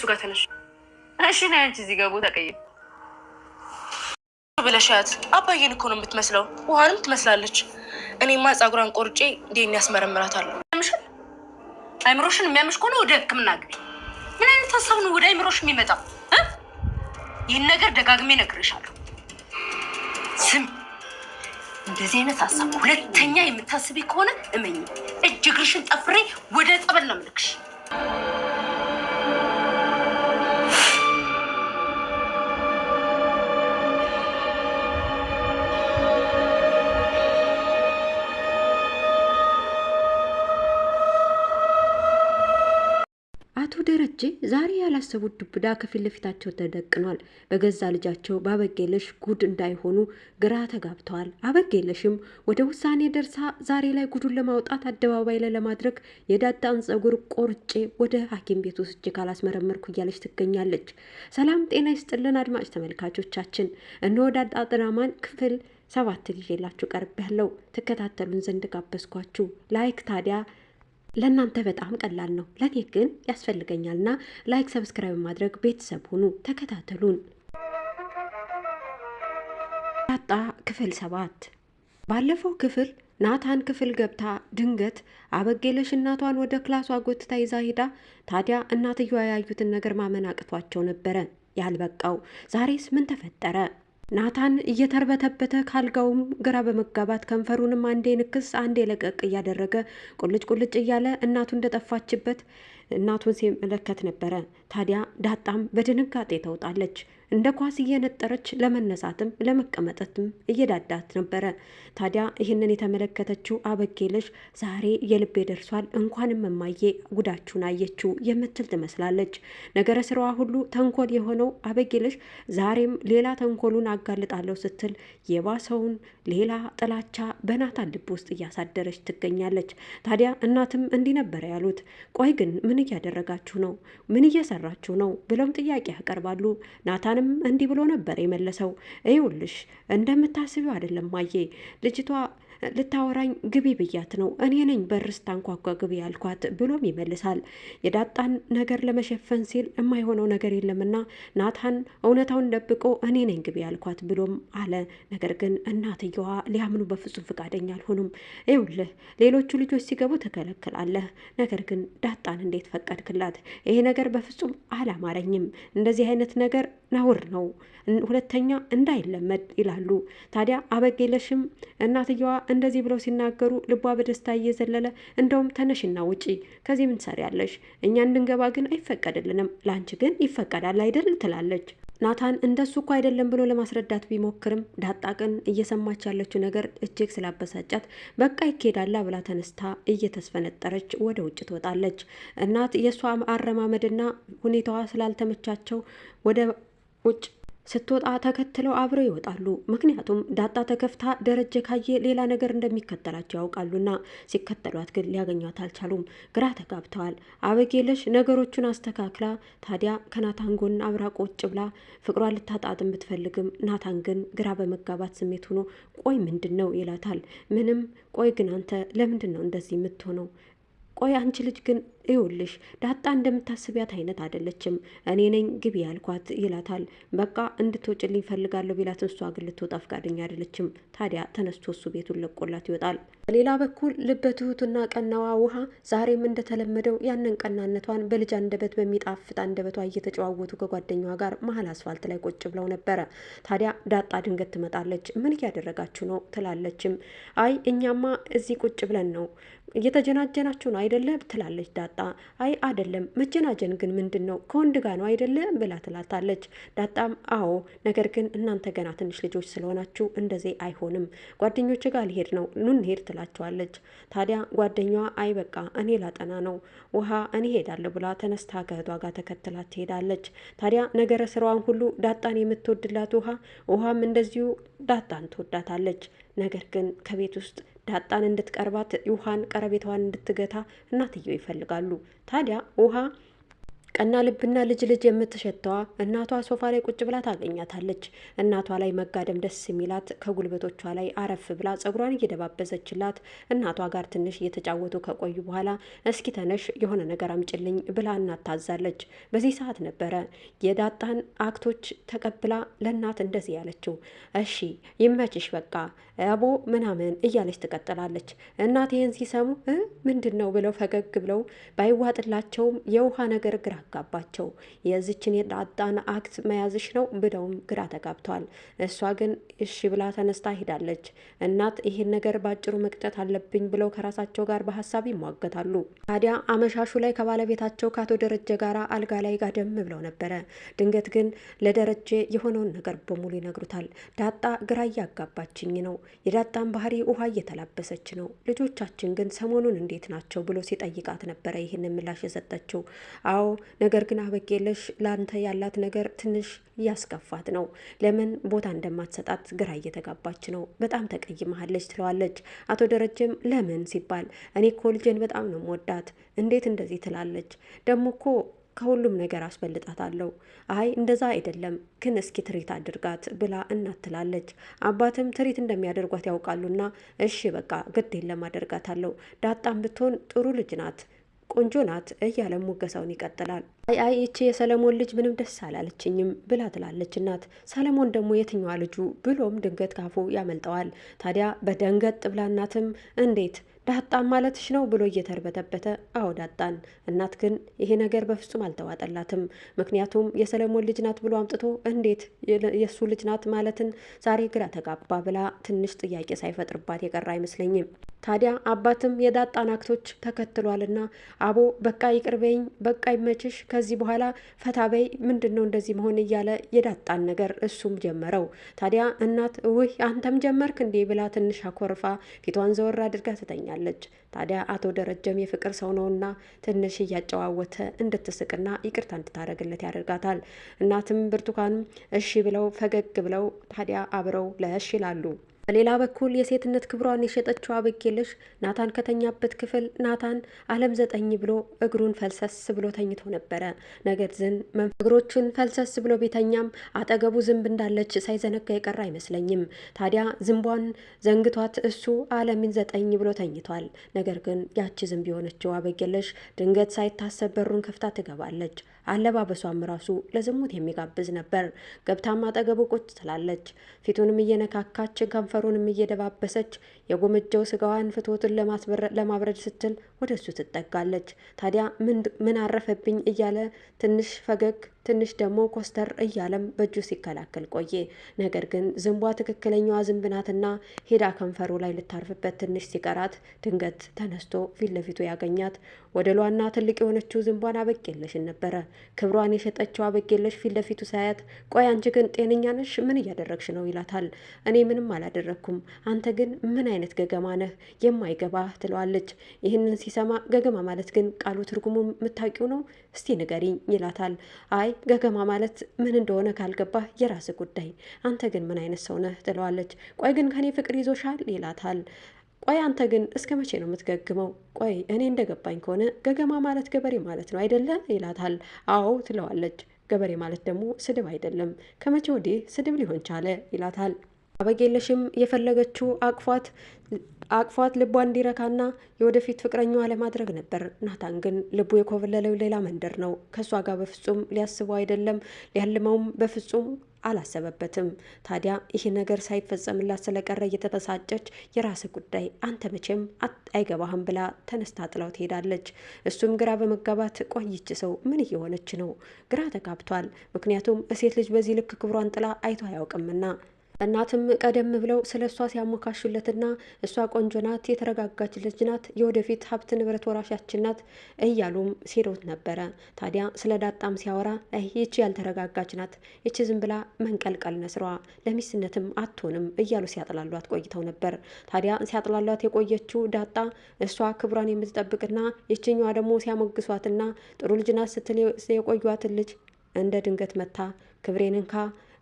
ከእሱ ጋር ተነሽ። እሺ ነይ አንቺ እዚህ ገቡ ተቀይር ብለሻት አባዬን እኮ ነው የምትመስለው። ውሃንም ትመስላለች። እኔማ ፀጉሯን ቆርጬ እንዴት ያስመረምራታለሁ። አይምሮሽን የሚያምሽ ከሆነ ወደ ሕክምና ግቢ። ምን አይነት ሀሳብ ነው ወደ አይምሮሽ የሚመጣው? ይህን ነገር ደጋግሜ እነግርሻለሁ። ስም እንደዚህ አይነት ሀሳብ ሁለተኛ የምታስቢ ከሆነ እመኝ፣ እጅግርሽን ጠፍሬ ወደ ጸበል ነው የምልክሽ። ያላሰቡት ዱብዳ ከፊት ለፊታቸው ተደቅኗል። በገዛ ልጃቸው በአበጌለሽ ጉድ እንዳይሆኑ ግራ ተጋብተዋል። አበጌለሽም ወደ ውሳኔ ደርሳ ዛሬ ላይ ጉዱን ለማውጣት አደባባይ ላይ ለማድረግ የዳጣን ጸጉር ቆርጬ ወደ ሐኪም ቤት ውስጄ ካላስመረመርኩ እያለች ትገኛለች። ሰላም ጤና ይስጥልን አድማጭ ተመልካቾቻችን፣ እነሆ ዳጣ ድራማን ክፍል ሰባት ይዤላችሁ ቀርብ ያለው ትከታተሉን ዘንድ ጋበዝኳችሁ። ላይክ ታዲያ ለእናንተ በጣም ቀላል ነው፣ ለእኔ ግን ያስፈልገኛልና ላይክ፣ ሰብስክራይብ ማድረግ ቤተሰብ ሁኑ። ተከታተሉን። ዳጣ ክፍል ሰባት ባለፈው ክፍል ናታን ክፍል ገብታ ድንገት አበጌለሽ እናቷን ወደ ክላሷ ጎትታ ይዛ ሂዳ ታዲያ እናትየዋ ያዩትን ነገር ማመን አቅቷቸው ነበረ። ያልበቃው ዛሬስ ምን ተፈጠረ? ናታን እየተርበተበተ ካልጋውም ግራ በመጋባት ከንፈሩንም አንዴ ንክስ አንዴ ለቀቅ እያደረገ ቁልጭ ቁልጭ እያለ እናቱ እንደጠፋችበት እናቱን ሲመለከት ነበረ። ታዲያ ዳጣም በድንጋጤ ተውጣለች። እንደ ኳስ እየነጠረች ለመነሳትም ለመቀመጠትም እየዳዳት ነበረ። ታዲያ ይህንን የተመለከተችው አበጌለሽ ዛሬ የልቤ ደርሷል፣ እንኳንም እማዬ ጉዳችሁን አየችው የምትል ትመስላለች። ነገረ ስራዋ ሁሉ ተንኮል የሆነው አበጌለሽ ዛሬም ሌላ ተንኮሉን አጋልጣለሁ ስትል የባሰውን ሌላ ጥላቻ በናታን ልብ ውስጥ እያሳደረች ትገኛለች። ታዲያ እናትም እንዲህ ነበረ ያሉት፣ ቆይ ግን ምን ምን እያደረጋችሁ ነው? ምን እየሰራችሁ ነው? ብለውም ጥያቄ ያቀርባሉ። ናታንም እንዲህ ብሎ ነበር የመለሰው፣ ይኸውልሽ እንደምታስቢው አይደለም ማዬ ልጅቷ ልታወራኝ ግቢ ብያት ነው እኔ ነኝ በርስ ታንኳኳ ግቢ ያልኳት ብሎም ይመልሳል። የዳጣን ነገር ለመሸፈን ሲል የማይሆነው ነገር የለምና ናታን እውነታውን ደብቆ እኔ ነኝ ግቢ ያልኳት ብሎም አለ። ነገር ግን እናትየዋ ሊያምኑ በፍጹም ፈቃደኛ አልሆኑም። ይውልህ ሌሎቹ ልጆች ሲገቡ ትከለክላለህ፣ ነገር ግን ዳጣን እንዴት ፈቀድክላት? ይሄ ነገር በፍጹም አላማረኝም። እንደዚህ አይነት ነገር ነውር ነው፣ ሁለተኛ እንዳይለመድ ይላሉ። ታዲያ አበጌለሽም እናትየዋ እንደዚህ ብለው ሲናገሩ ልቧ በደስታ እየዘለለ እንደውም ተነሽና ውጪ ከዚህ ምን ትሰሪያለሽ? እኛ እንድንገባ ግን አይፈቀድልንም፣ ለአንቺ ግን ይፈቀዳል አይደል? ትላለች ናታን እንደሱ እኮ አይደለም ብሎ ለማስረዳት ቢሞክርም ዳጣ ግን እየሰማች ያለችው ነገር እጅግ ስላበሳጫት በቃ ይኬዳላ ብላ ተነስታ እየተስፈነጠረች ወደ ውጭ ትወጣለች። እናት የእሷ አረማመድና ሁኔታዋ ስላልተመቻቸው ወደ ውጭ ስትወጣ ተከትለው አብረው ይወጣሉ። ምክንያቱም ዳጣ ተከፍታ ደረጀ ካየ ሌላ ነገር እንደሚከተላቸው ያውቃሉና፣ ሲከተሏት ግን ሊያገኟት አልቻሉም። ግራ ተጋብተዋል። አበጌለሽ ነገሮቹን አስተካክላ ታዲያ ከናታን ጎን አብራ ቆጭ ብላ ፍቅሯን ልታጣጥም ብትፈልግም፣ ናታን ግን ግራ በመጋባት ስሜት ሆኖ ቆይ ምንድን ነው ይላታል። ምንም ቆይ ግን አንተ ለምንድን ነው እንደዚህ የምትሆነው? ቆይ አንቺ ልጅ ግን ይውልሽ ዳጣ እንደምታስቢያት አይነት አይደለችም፣ እኔ ነኝ ግቢ ያልኳት ይላታል። በቃ እንድትወጭልኝ ፈልጋለሁ ቢላት እሷ ግን ልትወጣ ፍቃደኛ አይደለችም። ታዲያ ተነስቶ እሱ ቤቱን ለቆላት ይወጣል። በሌላ በኩል ልበ ትሁትና ቀናዋ ውሃ ዛሬም እንደተለመደው ያንን ቀናነቷን በልጅ አንደበት በሚጣፍጥ አንደበቷ እየተጨዋወቱ ከጓደኛዋ ጋር መሀል አስፋልት ላይ ቁጭ ብለው ነበረ። ታዲያ ዳጣ ድንገት ትመጣለች። ምን እያደረጋችሁ ነው ትላለችም። አይ እኛማ እዚህ ቁጭ ብለን ነው እየተጀናጀናችሁ ነው አይደለ ትላለች ዳጣ ዳጣ አይ አይደለም፣ መጀናጀን ግን ምንድን ነው ከወንድ ጋ ነው አይደለም ብላ ትላታለች። ዳጣም አዎ፣ ነገር ግን እናንተ ገና ትንሽ ልጆች ስለሆናችሁ እንደዚህ አይሆንም፣ ጓደኞች ጋር ሊሄድ ነው ኑን ሄድ ትላቸዋለች። ታዲያ ጓደኛዋ አይ በቃ እኔ ላጠና ነው ውሃ እኔ ሄዳለሁ ብላ ተነስታ ከእህቷ ጋር ተከትላ ትሄዳለች። ታዲያ ነገረ ስራዋን ሁሉ ዳጣን የምትወድላት ውሃ ውሃም እንደዚሁ ዳጣን ትወዳታለች። ነገር ግን ከቤት ውስጥ ዳጣን እንድትቀርባት ውሃን ቀረቤታዋን እንድትገታ እናትየው ይፈልጋሉ። ታዲያ ውሃ ቀና ልብና ልጅ ልጅ የምትሸተዋ እናቷ ሶፋ ላይ ቁጭ ብላ ታገኛታለች። እናቷ ላይ መጋደም ደስ የሚላት ከጉልበቶቿ ላይ አረፍ ብላ ጸጉሯን እየደባበሰችላት እናቷ ጋር ትንሽ እየተጫወቱ ከቆዩ በኋላ እስኪ ተነሽ የሆነ ነገር አምጭልኝ ብላ እናት ታዛለች። በዚህ ሰዓት ነበረ የዳጣን አክቶች ተቀብላ ለእናት እንደዚህ ያለችው። እሺ ይመችሽ፣ በቃ አቦ ምናምን እያለች ትቀጥላለች። እናት ይህን ሲሰሙ ምንድን ነው ብለው ፈገግ ብለው ባይዋጥላቸውም የውሃ ነገር ግራ አጋባቸው። የዚችን የጣጣን አክት መያዝሽ ነው ብለውም ግራ ተጋብተዋል። እሷ ግን እሺ ብላ ተነስታ ሄዳለች። እናት ይህን ነገር ባጭሩ መቅጨት አለብኝ ብለው ከራሳቸው ጋር በሀሳብ ይሟገታሉ። ታዲያ አመሻሹ ላይ ከባለቤታቸው ከአቶ ደረጀ ጋር አልጋ ላይ ጋደም ብለው ነበረ። ድንገት ግን ለደረጀ የሆነውን ነገር በሙሉ ይነግሩታል። ዳጣ ግራ እያጋባችኝ ነው። የዳጣን ባህሪ ውሃ እየተላበሰች ነው። ልጆቻችን ግን ሰሞኑን እንዴት ናቸው ብሎ ሲጠይቃት ነበረ ይህን ምላሽ የሰጠችው። አዎ ነገር ግን አበጌለሽ ለአንተ ያላት ነገር ትንሽ እያስከፋት ነው። ለምን ቦታ እንደማትሰጣት ግራ እየተጋባች ነው። በጣም ተቀይመሃለች ትለዋለች። አቶ ደረጀም ለምን ሲባል እኔ እኮ ልጄን በጣም ነው የምወዳት፣ እንዴት እንደዚህ ትላለች? ደሞ እኮ ከሁሉም ነገር አስበልጣታለሁ። አይ እንደዛ አይደለም ግን እስኪ ትሪት አድርጋት ብላ እናት ትላለች። አባትም ትሪት እንደሚያደርጓት ያውቃሉና እሺ በቃ ግድ የለም አደርጋታለሁ፣ ዳጣም ብትሆን ጥሩ ልጅ ናት ቆንጆ ናት እያለ ሙገሳውን ይቀጥላል። አይ አይ ይቺ የሰለሞን ልጅ ምንም ደስ አላለችኝም ብላ ትላለች እናት። ሰለሞን ደግሞ የትኛዋ ልጁ ብሎም ድንገት ካፉ ያመልጠዋል። ታዲያ በደንገጥ ብላ እናትም እንዴት ዳጣን ማለትሽ ነው ብሎ እየተርበተበተ አዎ ዳጣን። እናት ግን ይሄ ነገር በፍጹም አልተዋጠላትም። ምክንያቱም የሰለሞን ልጅ ናት ብሎ አምጥቶ እንዴት የእሱ ልጅ ናት ማለትን ዛሬ ግራ ተጋባ ብላ ትንሽ ጥያቄ ሳይፈጥርባት የቀረ አይመስለኝም። ታዲያ አባትም የዳጣን አክቶች ተከትሏልና አቦ በቃ ይቅርበኝ፣ በቃ ይመችሽ፣ ከዚህ በኋላ ፈታበይ፣ ምንድን ነው እንደዚህ መሆን እያለ የዳጣን ነገር እሱም ጀመረው። ታዲያ እናት ውህ አንተም ጀመርክ እንዴ ብላ ትንሽ አኮርፋ ፊቷን ዘወር አድርጋ ትተኛለች። ታዲያ አቶ ደረጀም የፍቅር ሰው ነውና ትንሽ እያጨዋወተ እንድትስቅና ይቅርታ እንድታደርግለት ያደርጋታል። እናትም ብርቱካንም እሺ ብለው ፈገግ ብለው ታዲያ አብረው ለእሽ ይላሉ። በሌላ በኩል የሴትነት ክብሯን የሸጠችው አበጌለሽ ናታን ከተኛበት ክፍል ናታን አለም ዘጠኝ ብሎ እግሩን ፈልሰስ ብሎ ተኝቶ ነበረ። ነገር ዝን እግሮቹን ፈልሰስ ብሎ ቤተኛም አጠገቡ ዝንብ እንዳለች ሳይዘነጋ የቀረ አይመስለኝም። ታዲያ ዝንቧን ዘንግቷት እሱ አለምን ዘጠኝ ብሎ ተኝቷል። ነገር ግን ያቺ ዝንብ የሆነችው አበጌለሽ ድንገት ሳይታሰብ በሩን ከፍታ ትገባለች። አለባበሷም ራሱ ለዝሙት የሚጋብዝ ነበር። ገብታም አጠገቡ ቁጭ ትላለች። ፊቱንም እየነካካች ከንፈሩንም እየደባበሰች የጎመጀው ስጋዋን ፍትወትን ለማብረድ ስትል ወደ እሱ ትጠጋለች። ታዲያ ምን አረፈብኝ እያለ ትንሽ ፈገግ ትንሽ ደግሞ ኮስተር እያለም በእጁ ሲከላከል ቆየ። ነገር ግን ዝንቧ ትክክለኛዋ ዝንብ ናትና ሄዳ ከንፈሩ ላይ ልታርፍበት ትንሽ ሲቀራት ድንገት ተነስቶ ፊት ለፊቱ ያገኛት ወደሏና ትልቅ የሆነችው ዝንቧን አበቄለሽን ነበረ። ክብሯን የሸጠችው አበቄለሽ ፊት ለፊቱ ሳያት፣ ቆይ አንቺ ግን ጤነኛ ነሽ? ምን እያደረግሽ ነው? ይላታል። እኔ ምንም አላደረግኩም። አንተ ግን ምን አይነት ገገማ ነህ የማይገባ ትለዋለች። ይህንን ሲሰማ ገገማ ማለት ግን ቃሉ ትርጉሙ የምታውቂው ነው እስቲ ንገሪኝ ይላታል። አይ ገገማ ማለት ምን እንደሆነ ካልገባ የራስ ጉዳይ፣ አንተ ግን ምን አይነት ሰው ነህ ትለዋለች። ቆይ ግን ከኔ ፍቅር ይዞሻል ይላታል። ቆይ አንተ ግን እስከ መቼ ነው የምትገግመው? ቆይ እኔ እንደገባኝ ከሆነ ገገማ ማለት ገበሬ ማለት ነው አይደለ? ይላታል። አዎ ትለዋለች። ገበሬ ማለት ደግሞ ስድብ አይደለም። ከመቼ ወዲህ ስድብ ሊሆን ቻለ? ይላታል። አበጌለሽም የፈለገችው አቅፏት አቅፏት ልቧ እንዲረካና የወደፊት ፍቅረኛዋ ለማድረግ ነበር። ናታን ግን ልቡ የኮበለለው ሌላ መንደር ነው። ከእሷ ጋር በፍጹም ሊያስበው አይደለም፣ ሊያልመውም በፍጹም አላሰበበትም። ታዲያ ይህ ነገር ሳይፈጸምላት ስለቀረ እየተበሳጨች የራስ ጉዳይ አንተ መቼም አይገባህም ብላ ተነስታ ጥላው ትሄዳለች። እሱም ግራ በመጋባት ቆይች ሰው ምን እየሆነች ነው? ግራ ተጋብቷል። ምክንያቱም ሴት ልጅ በዚህ ልክ ክብሯን ጥላ አይቶ አያውቅምና እናትም ቀደም ብለው ስለ እሷ ሲያሞካሹለትና እሷ ቆንጆ ናት፣ የተረጋጋች ልጅ ናት፣ የወደፊት ሀብት ንብረት ወራሻችን ናት እያሉም ሲሉት ነበረ። ታዲያ ስለ ዳጣም ሲያወራ ይቺ ያልተረጋጋች ናት፣ ይቺ ዝም ብላ መንቀልቀል ነስሯ ለሚስትነትም አትሆንም እያሉ ሲያጥላሏት ቆይተው ነበር። ታዲያ ሲያጥላሏት የቆየችው ዳጣ እሷ ክብሯን የምትጠብቅና ይችኛዋ ደግሞ ሲያሞግሷትና ጥሩ ልጅ ናት ስትል የቆዩትን ልጅ እንደ ድንገት መታ ክብሬን እንካ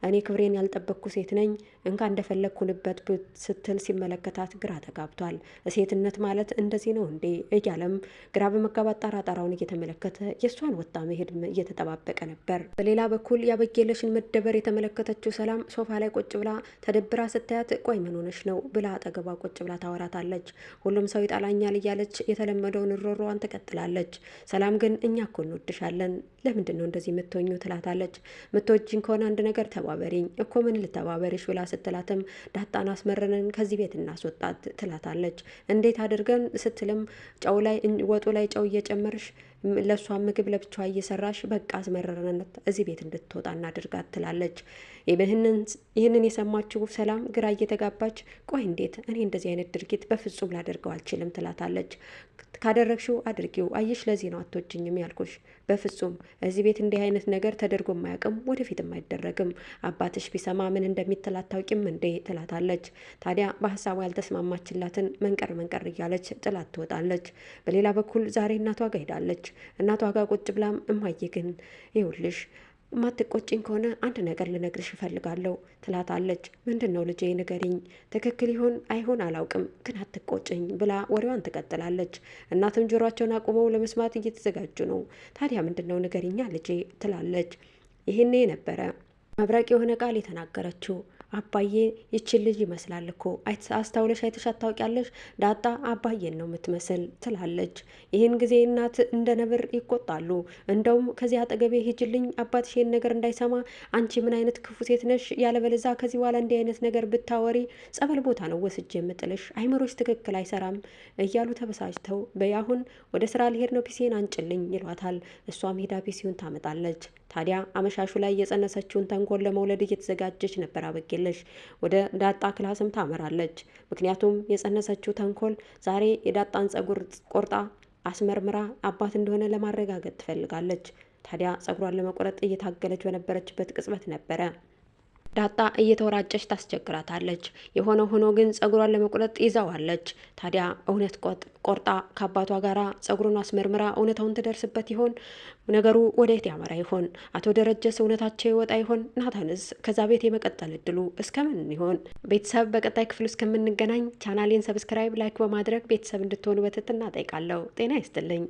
እኔ ክብሬን ያልጠበቅኩ ሴት ነኝ እንካ እንደፈለግኩንበት ስትል ሲመለከታት ግራ ተጋብቷል። ሴትነት ማለት እንደዚህ ነው እንዴ? እያለም ግራ በመጋባት ጣራ ጣራውን እየተመለከተ የእሷን ወጣ መሄድ እየተጠባበቀ ነበር። በሌላ በኩል ያበጌለሽን መደበር የተመለከተችው ሰላም ሶፋ ላይ ቁጭ ብላ ተደብራ ስታያት ቆይ ምን ሆነሽ ነው ብላ አጠገቧ ቁጭ ብላ ታወራታለች። ሁሉም ሰው ይጣላኛል እያለች የተለመደውን ሮሮዋን ትቀጥላለች። ሰላም ግን እኛ እኮ እንወድሻለን፣ ለምንድን ነው እንደዚህ የምትወኙ? ትላታለች። ምትወጂን ከሆነ አንድ ነገር ተባ ተባበሪኝ እኮ ምን ልተባበሪሽ ብላ ስትላትም ዳጣን አስመረንን ከዚህ ቤት እናስወጣት ትላታለች። እንዴት አድርገን ስትልም ጨው ላይ ወጡ ላይ ጨው እየጨመርሽ ለእሷ ምግብ ለብቻዋ እየሰራሽ በቃ አስመረረነት እዚህ ቤት እንድትወጣ እናድርጋት ትላለች። ይህንን የሰማችው ሰላም ግራ እየተጋባች ቆይ እንዴት እኔ እንደዚህ አይነት ድርጊት በፍጹም ላደርገው አልችልም ትላታለች። ካደረግሽው አድርጊው አየሽ፣ ለዚህ ነው አቶችኝም ያልኩሽ። በፍጹም እዚህ ቤት እንዲህ አይነት ነገር ተደርጎ አያውቅም፣ ወደፊትም አይደረግም። አባትሽ ቢሰማ ምን እንደሚትል አታውቂም እንዴ ትላታለች። ታዲያ በሀሳቡ ያልተስማማችላትን መንቀር መንቀር እያለች ጥላት ትወጣለች። በሌላ በኩል ዛሬ እናቷ ጋር ሄዳለች። እናቷ ጋር ቁጭ ብላም እማዬ ግን ይውልሽ ማትቆጭኝ ከሆነ አንድ ነገር ልነግርሽ እፈልጋለሁ ትላታለች። ምንድን ነው ልጄ ንገሪኝ፣ ትክክል ይሆን አይሁን አላውቅም፣ ግን አትቆጭኝ ብላ ወሬዋን ትቀጥላለች። እናትም ጆሯቸውን አቁመው ለመስማት እየተዘጋጁ ነው። ታዲያ ምንድን ነው ንገሪኛ ልጄ ትላለች። ይህኔ ነበረ መብረቅ የሆነ ቃል የተናገረችው አባዬ ይችን ልጅ ይመስላል እኮ አስታውለሽ አይተሽ አታውቂያለሽ? ዳጣ አባዬን ነው የምትመስል ትላለች። ይህን ጊዜ እናት እንደ ነብር ይቆጣሉ። እንደውም ከዚህ አጠገቤ ሂጅልኝ፣ አባትሽን ነገር እንዳይሰማ። አንቺ ምን አይነት ክፉ ሴት ነሽ? ያለበለዛ ከዚህ በኋላ እንዲህ አይነት ነገር ብታወሪ ጸበል ቦታ ነው ወስጄ የምጥልሽ። አይምሮች ትክክል አይሰራም እያሉ ተበሳጭተው በያሁን ወደ ስራ ልሄድ ነው ፒሲን አንጭልኝ ይሏታል። እሷም ሄዳ ፒሲውን ታመጣለች። ታዲያ አመሻሹ ላይ የጸነሰችውን ተንኮል ለመውለድ እየተዘጋጀች ነበር አበጌለሽ። ወደ ዳጣ ክላስም ታመራለች። ምክንያቱም የጸነሰችው ተንኮል ዛሬ የዳጣን ጸጉር ቆርጣ አስመርምራ አባት እንደሆነ ለማረጋገጥ ትፈልጋለች። ታዲያ ጸጉሯን ለመቁረጥ እየታገለች በነበረችበት ቅጽበት ነበረ ዳጣ እየተወራጨች ታስቸግራታለች። የሆነ ሆኖ ግን ጸጉሯን ለመቁረጥ ይዛዋለች። ታዲያ እውነት ቆርጣ ከአባቷ ጋር ጸጉሩን አስመርምራ እውነታውን ትደርስበት ይሆን? ነገሩ ወደየት ያመራ ይሆን? አቶ ደረጀስ እውነታቸው ይወጣ ይሆን? ናታንስ ከዛ ቤት የመቀጠል እድሉ እስከምን ይሆን? ቤተሰብ በቀጣይ ክፍል እስከምንገናኝ ቻናሌን ሰብስክራይብ፣ ላይክ በማድረግ ቤተሰብ እንድትሆኑ በትህትና እጠይቃለሁ። ጤና ይስጥልኝ።